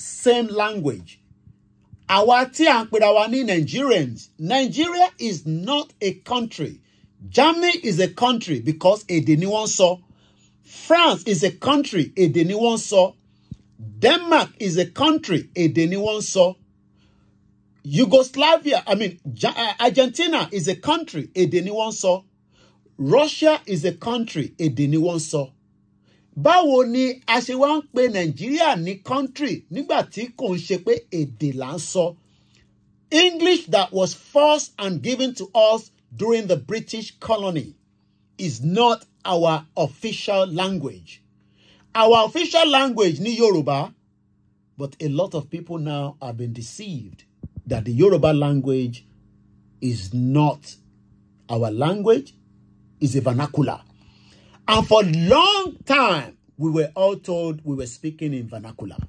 same language àwa tí à ń pera wa ní Nigerians Nigeria is not a country Germany is a country because èdè ni wọ́n sọ France is a country èdè ni wọ́n sọ Denmark is a country èdè ni wọ́n sọ Yugoslavia I mean uh, Argentina is a country èdè ni wọ́n sọ Russia is a country èdè ni wọ́n sọ. báwo ni a ṣe wá ń pe nàìjíríà ní country nígbà tí kò ń ṣe pé èdè là ń sọ english that was forced and given to us during the british colony is not our official language our official language ní yorùbá but a lot of people now have been deceived that the Yoruba language is not our language, is a vernacular. And for long time, we were all told we were speaking in vernacular.